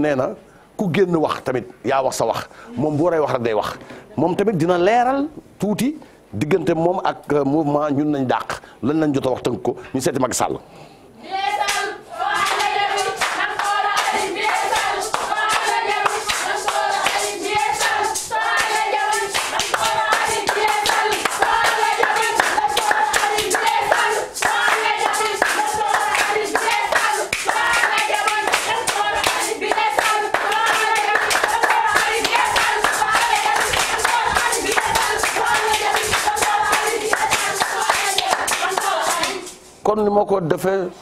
ku génn wax tamit yaa wax sa wax moom boo waree wax rek day wax moom tamit dina leeral tuuti diggante moom ak euh, mouvement ñun nañ dàq lan lañ jot a wax tënk ko ñu seeti mag Sall kon ni ma ko defee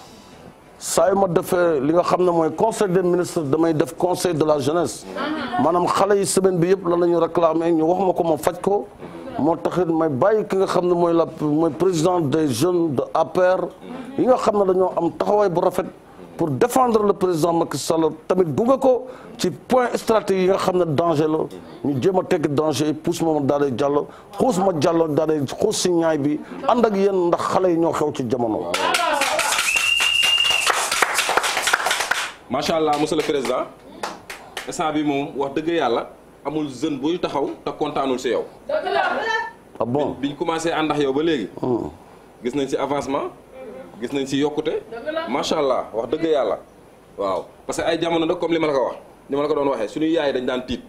saa yu ma li nga xam ne mooy conseil des ministres damay def conseil de la jeunesse maanaam xale yi semaine bi yëpp lan la ñu réclamé ñu wax ma ko ma faj ko moo taxit may bàyyi ki nga xam ne mooy la mooy président des jeunes de APR yi nga xam ne dañoo am taxawaay bu rafet pour défendre le président Macky Sall tamit gunge ko ci point stratégie yi nga xam ne danger la ñu jéem a tekki danger puus ma daal di jàll xuus ma jàll daal di xuus si ñaay bi ànd ak yéen ndax xale yi ñoo xew ci jamono. macha allah monsieur le président instant bi moom wax dëgg yàlla amul jeune buy taxaw te kontaanul si yow. dëgg la ah bon biñ commencé ànd yow ba léegi. Hmm. gis nañ si avancement. gis nañ si yokkute macha allah wax dëgg yàlla waaw parce que ay jamono nag comme li ma la ko wax ni ma la ko doon waxee suñuy yaay dañu daan tiit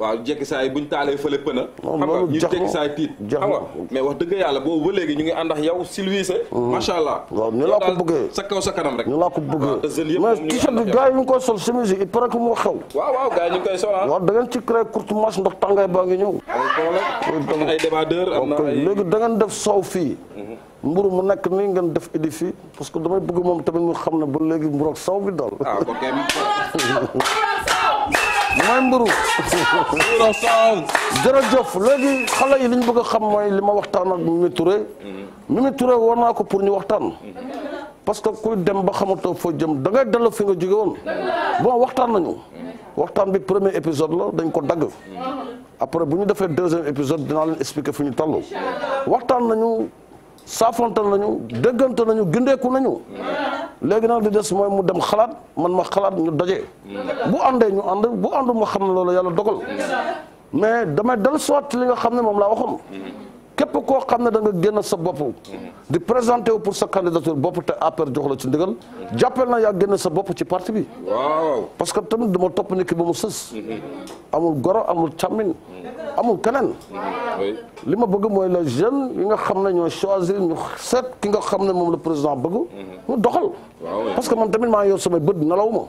waaw jekki saa yi buñ taalee fële pëna xam nga ñu jekki saa yi tiit xam mais wax dëgg yàlla boobu ba léegi ñu ngi ànd ak yow silvise macha mm-hmm. allah waaw ñu laa ko bëggee sa kaw sa kanam rek ñu laa ko bëggee mais t-shirt bi gars yi ñu ngi koy sol chemise yi il paraît que moo xew waaw waaw gars ñu ngi koy sol ah. waaw da ci créé courte tàngaay baa ngi ñëw ay débardeur na ay léegi da def soow fii mm-hmm. mburu mu nekk nii ngeen def édifice parce que damay bëgg moom tamit ñu xam ne ba léegi mburu ak saw bi daal. ah ok. mooy mburu. mburu léegi xale yi li ñu bëgg a xam mooy li ma waxtaan ak ture Touré. Mm-hmm. Mimi Touré woo naa ko pour ñu waxtaan. Mm-hmm. parce que kuy dem ba xamatoo foo jëm da ngay delloo fi nga jóge woon. Mm-hmm. bon waxtaan nañu. waxtaan bi premier épisode la dañ ko dagg. après bu ñu defee deuxième épisode dinaa leen expliquer fu ñu toll. waxtaan nañu. saafonte nañu déggante nañu gindeeku nañu léegi nag li des mooy mu dem xalaat man ma xalaat ñu daje bu àndee ñu ànd bu àndu ma xam ne loolu yàlla dogal mais damay del soit li nga xam ne moom laa waxoon képp koo xam ne da nga génn sa bopp di présenté wu pour sa candidature te APR jox la ci ndigal jàppal na yaa génn sa bopp ci parti bi parce que tamit dama topp nit ki ba mu sës amul goro amul càmmin amul keneen li ma bëgg mooy la jeune yi nga xam ne ñoo choisir ñu set ki nga xam ne moom la président bëgg mu doxal parce que man tamit maa ngi yor samay bët nelaw ma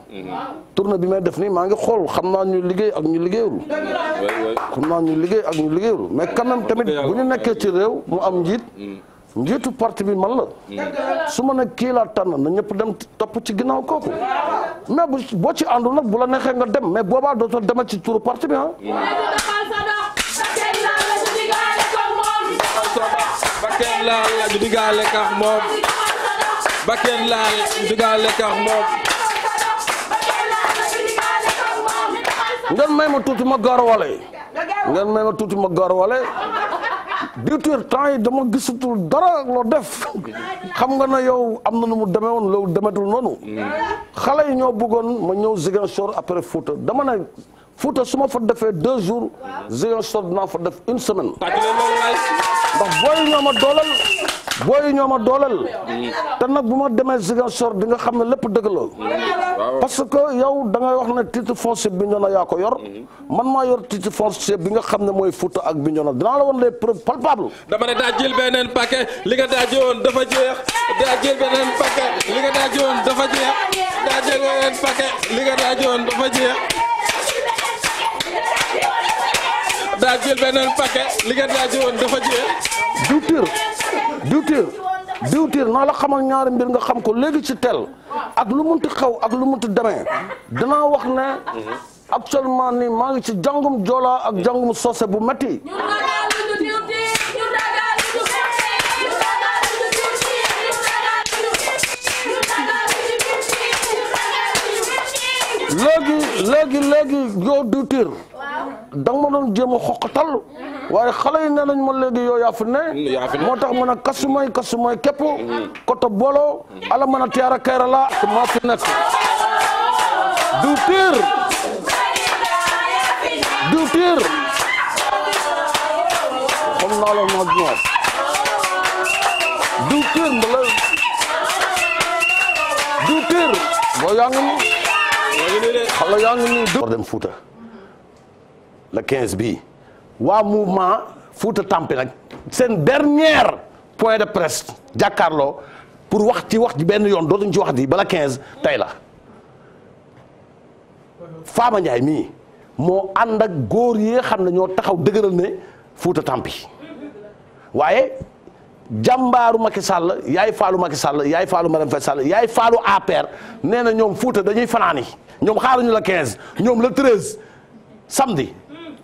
tournée bi may def nii maa ngi xool xam naa ñu liggéey ak ñu liggéeyul xam naa ñu liggéey ak ñu liggéeyul mais ci réew mu am njiit mm. njiitu parti bi man la mm. su ma ne kii laa na ñëpp dem topp ci ginnaaw kooku mais boo ci àndul nag bu la neexee nga dem mais boobaa dootoo demal ci turu parti bi ah bakken laal la ñu digaale kax moom bakken ngeen may ma tuuti ma gaar wale ngeen may ma tuuti ma gaar wale huit heures temps yi dama gisatul dara loo def xam nga na yow am na nu mu demee woon loolu demetul noonu xale yi ñoo bëggoon ma ñëw Ziguinchor après Fouta dama na Fouta su ma fa defee deux jours Ziguinchor dinaa fa def une semaine ndax booy ñoo ma doolal booy ñoo ma dooleel te nag bu ma demee Ziguinchor di nga xam ne lépp dëgg la parce que yow da ngay wax ne titre foncier bi yaa ko yor mhm. man maa yor titre foncier bi nga xam ne mooy Fouta ak Bignona dinaa la woon les preuves palpables dama ne daa jël beneen paquet li nga daa jëwoon dafa jeex daa jël beneen paquet li nga daa jëwoon dafa jeex daa jël beneen paquet li nga daa jëwoon dafa jeex daa jël beneen paquet li nga daa jëwoon dafa jeex diwtiir diwtiir diwtiir naa la xamal ñaari mbir nga xam ko léegi ci tel ak lu munti xew ak lu munti demee danaa wax ne actuellement ni maa ngi ci jàngum joolaa ak jàngum soose bu metti léegi léegi léegi yow diwtiir da ma doon jéem a xoqatal mm-hmm. waaye xale yi nee nañ ma léegi yow yaa mm, moo tax mën a kasumay kasumay képp mm-hmm. koto boolo mm-hmm. ala mën a tiyaara kayra la maa fi nekk diwtiir diwtiir xam naa la ma ñor yaa ngi xala yaa ngi nii door dem Fouta le 15 bii waa mouvement Fouta Tampi nag seen dernier point de presse jàkkaarloo pour wax ci wax ji benn yoon dootuñ ci wax di bala 15 tey la Fama mii moo ànd ak góor yi xam ne ñoo taxaw dëgëral ne Fouta Tampi waaye jàmbaaru Macky Sall yaay faalu Macky Sall yaay faalu Marème Faye Sall yaay faalu APR nee na ñoom Fuuta dañuy fanaani ñoom xaaruñu la 15 ñoom le 13 samedi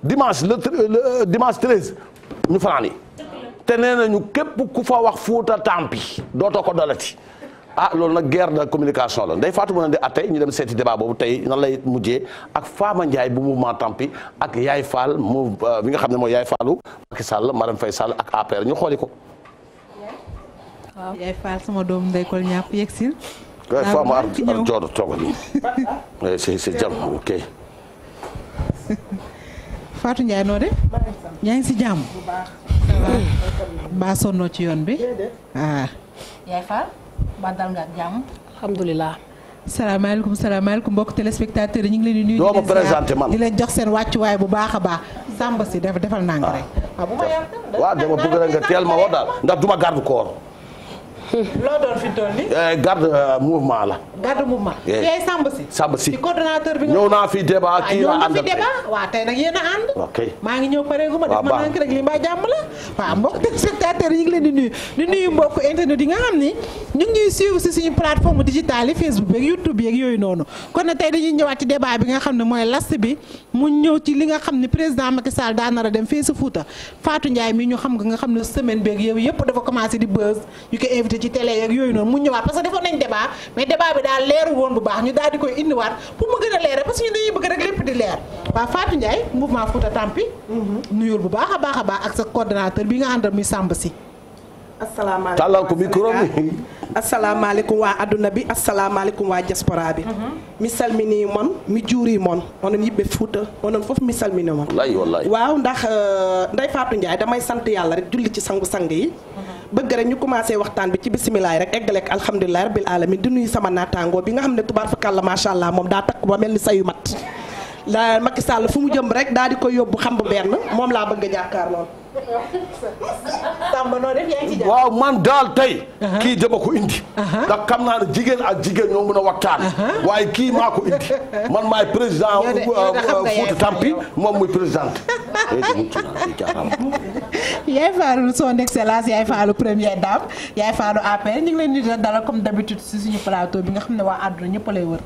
dimanche le euh, dimanche 13 ñu fanaani te nee nañu képp ku fa wax Fuuta tampi dootoo ko dalati ah loolu nag guerre de communication la Ndeye Fatou mën a di ñu dem seeti débat boobu tey nan lay mujjee ak Fama Ndiaye bu mouvement tampi ak Yaay Fall mu euh, bi nga xam ne mooy Yaay Fallu Macky ma Marème fay Sall ak APR ñu xooli ko. waaw yaay Fall sama doom Ndeye Koly ñàpp yegg si. waaye Fama ar ar joodo eh, jàmm ok. [laughs] noo ngi si jàmm. baa sonnoo ci yoon bi. ah. yaay Fall ba dal nga ak jàmm. alhamdulilah. salaamaaleykum salaamaaleykum mbokk téléspectateur yi ñu ngi leen di nuyu. doo ma jox seen wàccuwaay bu baax a baax. Samba si def defal naa nga ah. rek. waaw ah, bu ma yàlla waaw dama bëgg rek nga teel ma woo daal ndax duma garde corps. loo doon fi toll nii. Eh, garde euh, mouvement la. garde mouvement. Eh. yaay Samb si. Samb si bi nga. ñëw naa fi débat ah, kii la ànd. waaw tey nag yéen a ànd. ok maa ngi jàmm la. waaw mm. mbokk téléspectateurs yi leen di nuyu di nuyu mbokk internet yi nga xam ni ñu ngi ñuy suivre si suñu plateforme digitale yi Facebook beeg YouTube yooyu noonu kon nag tey dañuy ñëwaat ci débat bi nga xam ne mooy last bi mu ñëw ci li nga xam ne président Macky Sall daa nar a dem fii si Fouta Fatou Ndiaye mi ñu xam nga nga xam ne semaine beeg yow yëpp dafa commencé di ci télé yooyu noonu mu ñëwaat parce que defoon nañ débat mais débat bi daal leeru woon bu baax ñu daal di koy indiwaat pour mu gën a leer parce que ñu dañuy bëgg rek lépp di leer waaw Fatou Ndiaye mouvement mhm. bu baax a baax a baax ak sa coordonnateur bi nga àndal muy Samba si asalaamaaleykum tàllal ko micro bi asalaamaaleykum waa aduna bi asalaamaaleykum waa diaspora bi mhm. mi salmini moon mi juuri moon onon yibɓe fouta onon misal mi salmini moon wallahi wallahi waaw ndax euh, Ndeye Fatou Ndiaye damay sant yàlla rek julli ci sangu-sang yi mhm. bëgg rek ñu commencé waxtaan bi ci bisimilaay rek eggale ak alhamdulilah rabbil alamin di nuyu sama naataangoo bi nga xam ne tubaar fakàlla macha allah moom daa takk ba mel ni sayu mat laa Macky Sall fu mu jëm rek daa di ko yóbbu xam bu benn moom laa bëgg a jàkkaar Samba noo def waaw man daal tey. kii dama ko indi. ndax xam naa ne jigéen ak jigéen ñoo mën a waxtaan. waaye kii maa indi [laughs] man maay président. Euh, euh, Fouta Tampi moom muy présidente. [laughs] yaay faalu son excellence yaay faalu première dame yaay faalu APR ñu ngi leen di dalal comme d'habitude si suñu plateau bi nga xam ne waa àdduna ñëpp lay wër.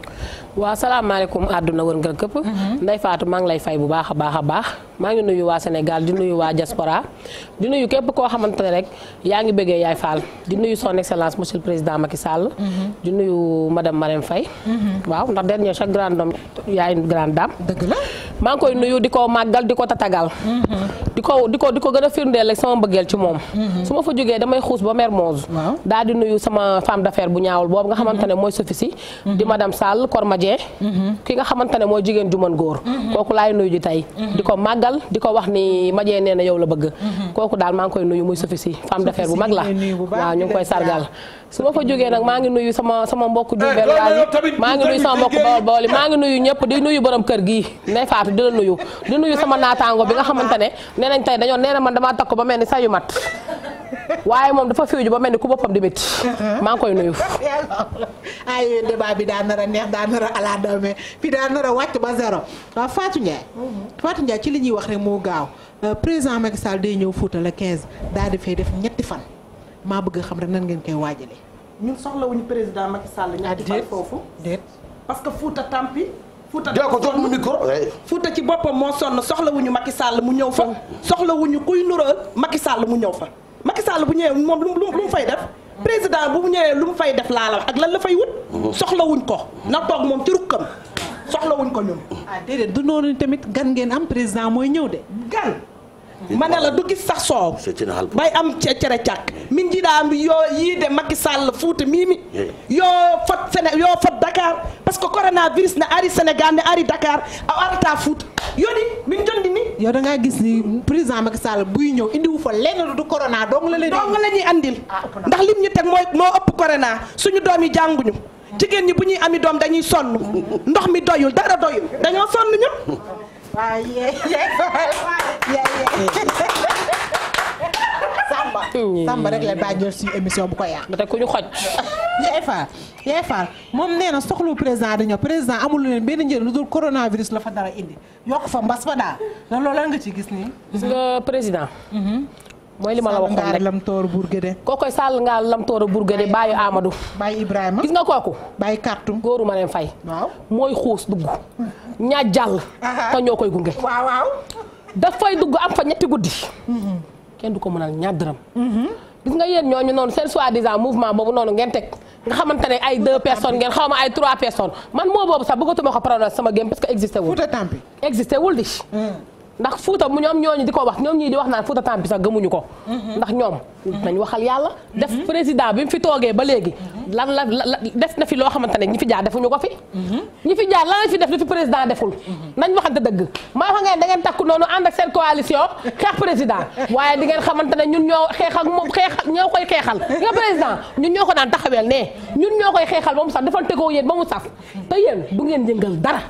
waaw salaamaaleykum àdduna wër nga këpp. Mhm. Ndeye Fatou maa ngi lay fay bu baax a baax a baax maa ngi nuyu waa Sénégal di nuyu waa diaspora Touba di nuyu képp koo xamante ne rek yaa ngi bëggee Yaay Fall di nuyu son excellence monsieur le président Macky Sall. Mhm. di nuyu madame Marème Faye. Mhm. waaw ndax dernier chaque grande homme yaay une grande dame. la maa ngi koy nuyu di ko màggal di ko tatagal. Mhm. di ko di ko di ko gën a sama mbëggeel ci moom. su ma fa jógee damay xuus ba Mermoz. daal di nuyu sama femme d'affaires bu ñaawul boobu nga xamante ne mooy Sophie si di madame Sall Korma Dieng. ki nga xamante mooy jigéen ju góor. kooku kooku daal maa ngi koy nuyu muy Sophie si femme d'affaires bu mag la waaw ñu koy sargal su ma fa jógee nag maa ngi nuyu sama sama mbokku Diourbel eh, maa ngi nuyu sama mbokku Bawol Bawol nuyu ñëpp di nuyu borom kër gi Ndeye Fatou di la nuyu di nuyu sama naataango bi nga xamante ne nee tey dañoo nee na man damaa takk ba mel ni sayu mat waaye moom dafa fiwju ba mel ni ku boppam di métti uh-huh. maa ngi koy nuyu [laughs] ay débat bi daa nar a neex daa nar a ala doome bi daa nar wàcc ba zéro waaw Fatou Ndiaye uh-huh. Fatou Ndiaye ci li ñuy wax rek moo gaaw euh, président Macky Sall day ñëw Fouta le 15 daal di fay ñetti fan maa bëgg a xam rek nan ngeen koy waajalee. ñun soxlawuñu président Macky Sall. ñetti fan foofu déet parce que Fouta tampi Fouta dee ko jox mu micro Fouta ci boppam moo sonn soxlawuñu Macky Sall mu ñëw fa. Oh. soxlawuñu kuy nural Macky Sall mu ñëw fa. Macky Sall bu ñëwee moom lu mu fay def. président bu mu ñëwee lu mu fay def laa la ak lan la fay wut. Mm-hmm. soxlawuñ ko na toog moom ci rukkam soxlawuñ ko ñun. ah déedéet du noonu tamit gan ngeen am président mooy ñëw de gan. ma ne la du gis sax soow bay am cere càkk min jiiɗa mbi yo yiide makki sall fouta mimi yo fot séné yo fot dakar par ce que coronavirus ne ari sénégal ne ari dakaar a arata fouta yoni min jondi ni yow da gis ni président Macky Sall buy ñëw indiwu fa lenn du corona dong la leen dong la ñuy andil ah, ndax lim ñu teg mooy moo ëpp corona suñu doom yi jànguñu jigéen ñi bu ñuy ami doom dañuy sonn ndox mi doyul dara doyul dañoo sonn waaw yee yee Samba. Samba rek la bàjjël suñu émission bu ko yàq. ba tey ku ñu xoj. Yaay Fall Yaay Fall moom nee na soxlu président dañoo président amul leen benn njëriñ lu dul coronavirus la fa dara indi yokk fa mbas fa daal loolu lan nga ci gis nii. gis président. Mm-hmm. mooy li ma la waxoon rek lamtoor Bourguédé kookoy lam Ngaar lamtoor Bourguédé bàyyi Amadou bàyyi Ibrahima gis nga kooku bàyyi kartum góoru ma leen fay mooy xuus dugg ñaa jàll te ñoo koy gunge waaw waaw dafay dugg am fa ñetti guddi kenn du ko a ñaar dërëm gis nga yéen ñooñu noonu seen soi-disant mouvement boobu noonu ngeen teg nga xamante ne ay deux personnes ngeen xaw ma ay trois personnes man moo boobu sax bëggatuma ko prononcer sama game parce que existé wul existé wul di hmm. ndax Fouta mu ñoom ñooñu di ko wax ñoom ñii di wax naan Fouta Tampi sax gëmuñu ko. Mhm. ndax ñoom nañ mhm. waxal yàlla. Mhm. def président bi mu fi toogee ba léegi. lan la la def na fi loo xamante ne ñi fi jaar defuñu ko fi. ñi fi jaar lan la def lu fi président deful. nañ waxante dëgg maa wax ngeen da takk takku noonu ànd ak seen coalition xeex président waaye di ngeen xamante ne ñun ñoo xeexal moom xeex ñoo koy xeexal nga président ñun ñoo ko daan taxaweel ne ñun ñoo koy xeexal ba mu ko yéen ba mu saf te yéen du ngeen yëngal dara.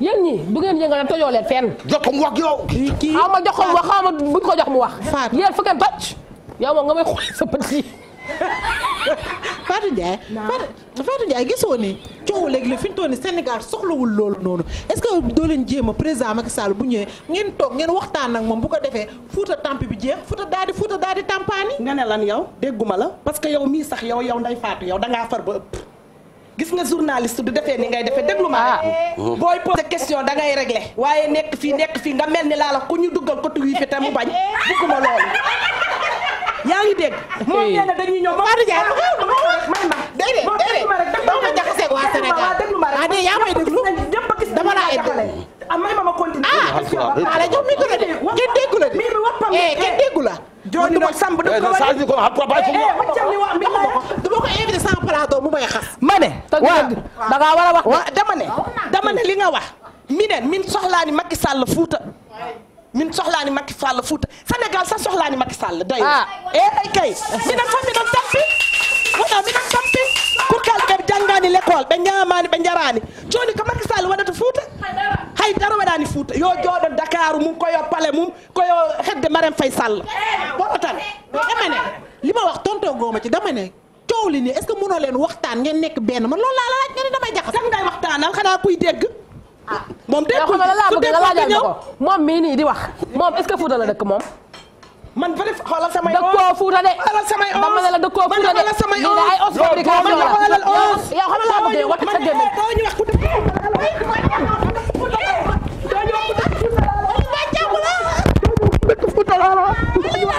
yéen ñi bu ngeen yëngal tojoo leen fenn. jox ko mu wax yow. kii xaw ma jox ko mu wax xaw ma buñ ko fu ngeen toj. yow ma nga may xool sa bët yi. [laughs] Fatou Ndiaye. Fatou Fatou Ndiaye gisoo ne coow léegi la fi ñu toll nii Sénégal soxlawul loolu noonu est-ce que doo leen jéem a président Macky Sall bu ñëwee ngeen toog ngeen waxtaan ak moom bu ko defee fuuta tamp bi jeex fuuta daal di fuuta daal di tampaani. nga ne lan yow dégguma la parce que yow mii sax yow yow nday Fatou yow dangaa far ba gis nga journaliste du defee ni ngay defee déglu ma ah. booy poser question da ngay réglé waaye nekk fii nekk fii nga mel ni laa la ku ñu duggal ko tuwi fi te mu bañ bugguma loolu yaa ngi dégg moom nee na ñëw Fatou Ndiaye may ma déedéet déedéet doo ko jaxasee ma rek yaa may a dama laa indi ah, may ma ma continuer ah maa la de kenn déggu la de eh, kenn déggu la jooju nag sàmm da eh, ko war eh, eh, a ko wax papa ko ma ko mu ma ne. waaw da ngaa war a wax. waaw dama ne dama ne li nga wax. mi ne min soxlaa ni Macky Fuuta. min soxlaa ni Macky Sall Fuuta Sénégal sax soxlaa ni Macky Sall. day ah eh kay. mi ne fa wona miɗon tampi pour kala kadi janggani l' école ɓe ñamani ɓe jarani joni ko macky sall waɗata fouta haydara waɗani fouta yo jooɗo dakaru mum koyo pale mum koyo hedde marem fay sall woɗo tan emane lima wax tonto goma ci dama ne coow li ni est ce que leen waxtaan ngeen nekk benn ma loolu laa la laaj nga ne damay jaxas sax waxtaanal xanaa kuy dégg ah. moom dégg su dégg ñëw moom mii nii di wax moom est ce que fouta la dëkk moom man vérifié xoolal samay os dëkkoo Fuuta de. xoolal samay os dama ne la dëkkoo Fuuta de lii de ay os fabrication la yow yow xam nga laa bëggee wax sa gémmiñ. Fuuta la la Fuuta la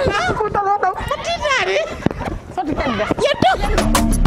la Fuuta la la